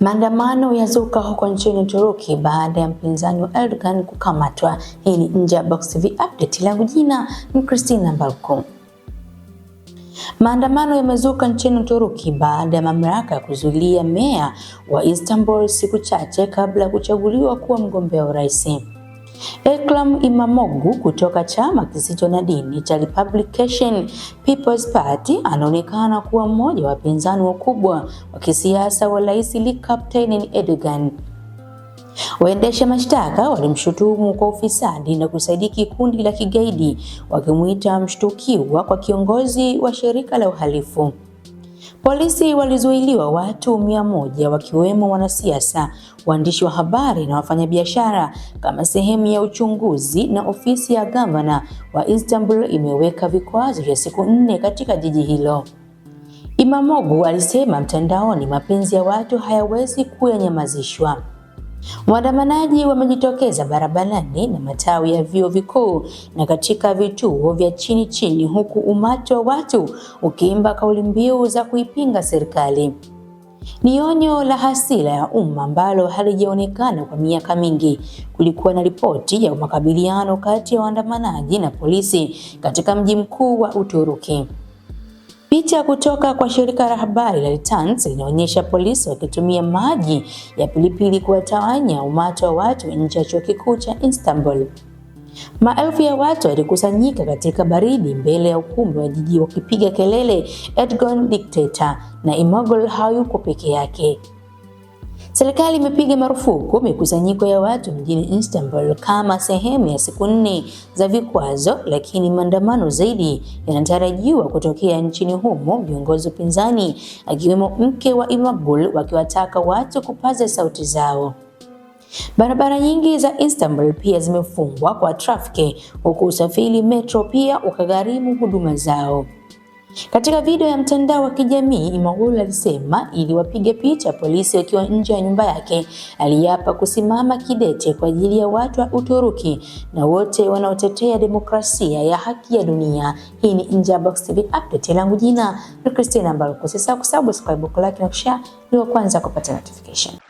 Maandamano yazuka huko nchini Uturuki baada ya mpinzani wa Erdogan kukamatwa. Hii ni Nje ya Box TV update, langu jina ni Christina Mbalku. Maandamano yamezuka nchini Uturuki baada ya mamlaka ya kuzuilia meya wa Istanbul siku chache kabla ya kuchaguliwa kuwa mgombea urais eklam Imamogu kutoka chama kisicho na dini cha Republican People's Party anaonekana kuwa mmoja wa wapinzani wakubwa wa kisiasa wa Rais Recep Tayyip Erdogan. Waendesha mashtaka walimshutumu kwa ufisadi na kusaidiki kundi la kigaidi, wakimuita mshtukiwa kwa kiongozi wa shirika la uhalifu. Polisi walizuiliwa watu mia moja wakiwemo wanasiasa, waandishi wa habari na wafanyabiashara kama sehemu ya uchunguzi, na ofisi ya gavana wa Istanbul imeweka vikwazo vya siku nne katika jiji hilo. Imamogu alisema mtandaoni, mapenzi ya watu hayawezi kuyanyamazishwa. Waandamanaji wamejitokeza barabarani na matawi ya vyuo vikuu na katika vituo vya chini chini, huku umati wa watu ukiimba kauli mbiu za kuipinga serikali. Ni onyo la hasira ya umma ambalo halijaonekana kwa miaka mingi. Kulikuwa na ripoti ya makabiliano kati ya waandamanaji na polisi katika mji mkuu wa Uturuki. Picha kutoka kwa shirika la habari la Reuters inaonyesha polisi wakitumia maji ya pilipili kuwatawanya umati wa watu nje ya chuo kikuu cha Istanbul. Maelfu ya watu walikusanyika katika baridi mbele ya ukumbi wa jiji wakipiga kelele Erdogan dictator, na Imamoglu hayuko peke yake. Serikali imepiga marufuku mikusanyiko ya watu mjini Istanbul kama sehemu ya siku nne za vikwazo, lakini maandamano zaidi yanatarajiwa kutokea nchini humo, viongozi upinzani akiwemo mke wa Imamoglu wakiwataka watu kupaza sauti zao. Barabara nyingi za Istanbul pia zimefungwa kwa trafiki, huku usafiri metro pia ukagharimu huduma zao. Katika video ya mtandao wa kijamii Imamoglu alisema iliwapiga picha polisi wakiwa nje ya nyumba yake. Aliapa kusimama kidete kwa ajili ya watu wa Uturuki na wote wanaotetea demokrasia ya haki ya dunia. Hii ni Nje ya Box TV update, langu jina ni Christina Mbalo. Usisahau kusubscribe, kulike na kushare ili kwanza kupata notification.